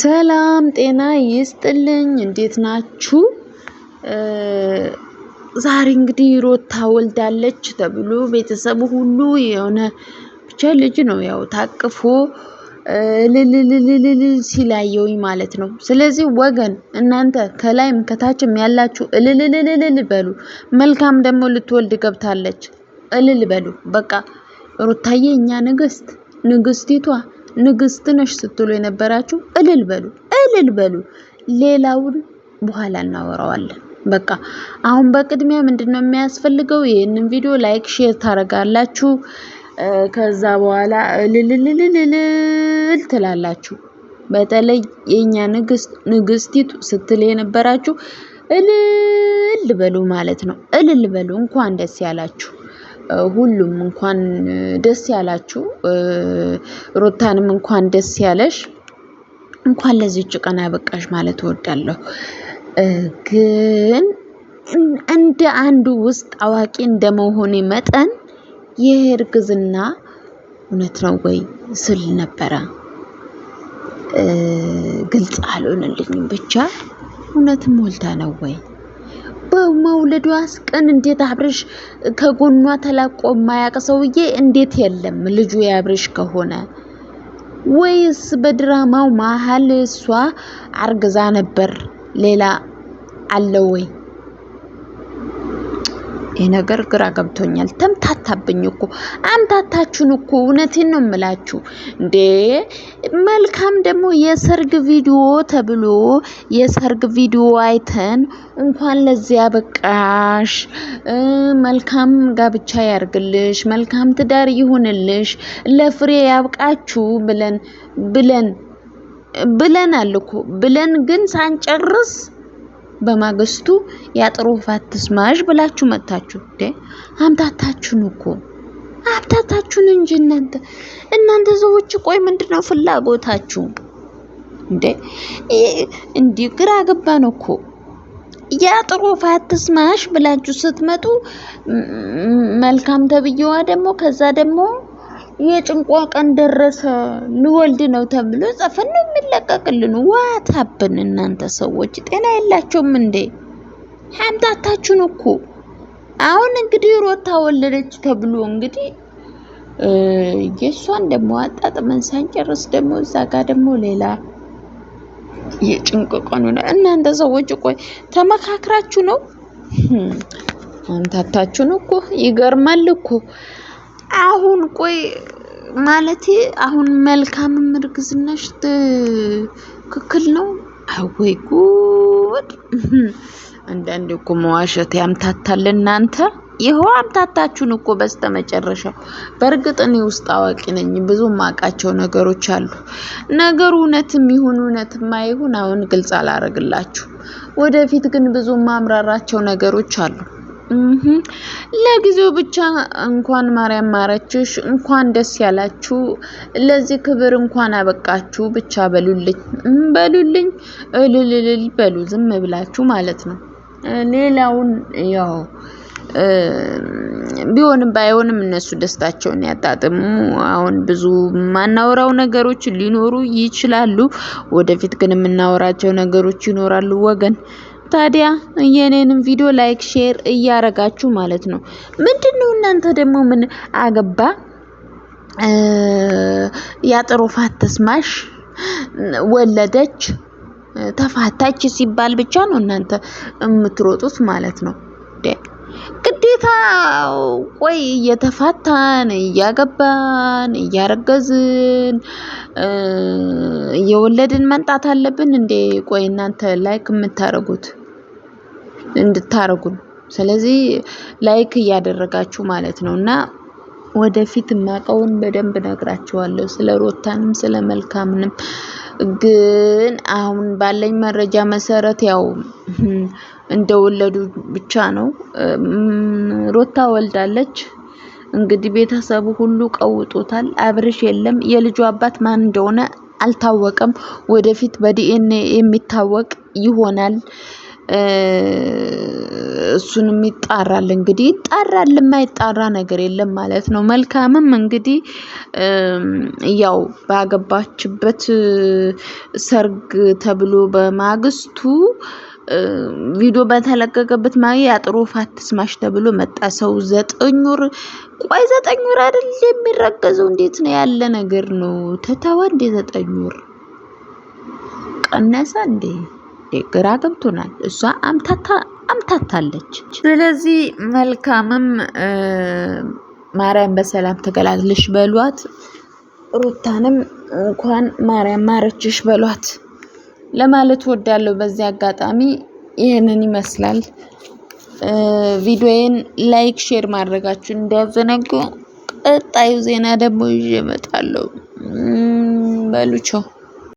ሰላም ጤና ይስጥልኝ እንዴት ናችሁ? ዛሬ እንግዲህ ሮታ ወልዳለች ተብሎ ቤተሰቡ ሁሉ የሆነ ብቻ ልጅ ነው ያው ታቅፎ እልልልልልል ሲላየውኝ ማለት ነው። ስለዚህ ወገን እናንተ ከላይም ከታችም ያላችሁ እልልልልልል በሉ። መልካም ደግሞ ልትወልድ ገብታለች እልል በሉ። በቃ ሮታዬ እኛ ንግስት ንግስቲቷ ንግስት ነሽ ስትሉ የነበራችሁ እልል በሉ እልል በሉ። ሌላውን በኋላ እናወራዋለን። በቃ አሁን በቅድሚያ ምንድን ነው የሚያስፈልገው? ይህንን ቪዲዮ ላይክ፣ ሼር ታደርጋላችሁ። ከዛ በኋላ እልልልልልል ትላላችሁ። በተለይ የኛ ንግስት ንግስቲቱ ስትል የነበራችሁ እልል በሉ ማለት ነው። እልል በሉ። እንኳን ደስ ያላችሁ። ሁሉም እንኳን ደስ ያላችሁ፣ ሩታንም እንኳን ደስ ያለሽ፣ እንኳን ለዚች ቀን አበቃሽ ማለት እወዳለሁ። ግን እንደ አንዱ ውስጥ አዋቂ እንደመሆኔ መጠን ይህ እርግዝና እውነት ነው ወይ ስል ነበረ። ግልጽ አልሆነልኝም። ብቻ እውነትም ሞልታ ነው ወይ ከመውለዷስ አስቀን እንዴት አብርሽ ከጎኗ ተላቆ ማያቅ ሰውዬ እንዴት የለም ልጁ የአብርሽ ከሆነ ወይስ በድራማው መሀል እሷ አርግዛ ነበር ሌላ አለ ወይ? ይህ ነገር ግራ ገብቶኛል። ተምታታብኝ እኮ አምታታችሁን እኮ እውነቴን ነው የምላችሁ እንዴ። መልካም ደግሞ የሰርግ ቪዲዮ ተብሎ የሰርግ ቪዲዮ አይተን እንኳን ለዚያ በቃሽ፣ መልካም ጋብቻ ያርግልሽ፣ መልካም ትዳር ይሁንልሽ፣ ለፍሬ ያብቃችሁ ብለን ብለን ብለናል እኮ ብለን ግን ሳንጨርስ በማግስቱ የአጥር ውሃ አትስማሽ ብላችሁ መታችሁ። እንዴ አምታታችሁን እኮ አምታታችሁን እንጂ እናንተ እናንተ ሰዎች ቆይ ምንድነው ፍላጎታችሁ? እንዴ እንዲህ ግራ ገባን እኮ የአጥር ውሃ አትስማሽ ብላችሁ ስትመጡ መልካም ተብዬዋ ደግሞ ከዛ ደግሞ የጭንቋ ቀን ደረሰ፣ ልወልድ ነው ተብሎ ጸፈን ነው የሚለቀቅልን። ዋታብን እናንተ ሰዎች ጤና የላቸውም እንዴ? ሀምታታችሁን እኮ አሁን እንግዲህ ሮታ ወለደች ተብሎ እንግዲህ የእሷን ደግሞ አጣጥመን ሳንጨርስ ደግሞ እዛ ጋር ደግሞ ሌላ የጭንቅ ቀኑ ነው። እናንተ ሰዎች ቆይ ተመካክራችሁ ነው አንታታችሁን እኮ ይገርማል እኮ አሁን ቆይ ማለቴ አሁን መልካምም እርግዝናሽ ትክክል ነው? አወይ ጉድ! አንዳንዴ እኮ መዋሸት ያምታታል። እናንተ ይኸው አምታታችሁን እኮ በስተመጨረሻው። በእርግጥ እኔ ውስጥ አዋቂ ነኝ፣ ብዙ ማውቃቸው ነገሮች አሉ። ነገሩ እውነትም ይሁን እውነትም አይሁን አሁን ግልጽ አላረግላችሁ። ወደፊት ግን ብዙ ማምራራቸው ነገሮች አሉ። ለጊዜው ብቻ እንኳን ማርያም ማረችሽ፣ እንኳን ደስ ያላችሁ፣ ለዚህ ክብር እንኳን አበቃችሁ ብቻ በሉልኝ በሉልኝ እልልልል በሉ ዝም ብላችሁ ማለት ነው። ሌላውን ያው ቢሆንም ባይሆንም እነሱ ደስታቸውን ያጣጥሙ። አሁን ብዙ የማናወራው ነገሮች ሊኖሩ ይችላሉ። ወደፊት ግን የምናወራቸው ነገሮች ይኖራሉ ወገን ታዲያ የኔንም ቪዲዮ ላይክ ሼር እያረጋችሁ ማለት ነው። ምንድነው እናንተ ደግሞ ምን አገባ ያጥሮፋት ተስማሽ ወለደች ተፋታች ሲባል ብቻ ነው እናንተ የምትሮጡት ማለት ነው። ግዴታ ቆይ እየተፋታን እያገባን እያረገዝን እየወለድን መንጣት አለብን እንዴ? ቆይ እናንተ ላይክ የምታደርጉት? እንድታረጉን። ስለዚህ ላይክ እያደረጋችሁ ማለት ነው እና ወደፊት ማቀውን በደንብ ነግራችኋለሁ፣ ስለ ሮታንም ስለ መልካምንም። ግን አሁን ባለኝ መረጃ መሰረት ያው እንደወለዱ ብቻ ነው። ሮታ ወልዳለች። እንግዲህ ቤተሰቡ ሁሉ ቀውጦታል። አብርሽ የለም። የልጁ አባት ማን እንደሆነ አልታወቀም። ወደፊት በዲኤንኤ የሚታወቅ ይሆናል። እሱንም ይጣራል እንግዲህ ይጣራል፣ የማይጣራ ነገር የለም ማለት ነው። መልካምም እንግዲህ ያው ባገባችበት ሰርግ ተብሎ በማግስቱ ቪዲዮ በተለቀቀበት ማ ያጥሩ ፋትስማሽ ተብሎ መጣ ሰው ዘጠኝ ወር ቆይ፣ ዘጠኝ ወር አይደል የሚረገዘው? እንዴት ነው ያለ ነገር ነው። ተተወ እንዴ ዘጠኝ ወር ቀነሰ እንዴ? ግራ ገብቶናል። እሷ አምታታለች። ስለዚህ መልካምም ማርያም በሰላም ተገላግልሽ በሏት። ሩታንም እንኳን ማርያም ማረችሽ በሏት ለማለት ወዳለሁ። በዚህ አጋጣሚ ይህንን ይመስላል። ቪዲዮዬን ላይክ፣ ሼር ማድረጋችሁን እንዳያዘነጉ። ቀጣዩ ዜና ደግሞ ይዤ እመጣለሁ። በሉ ቻው።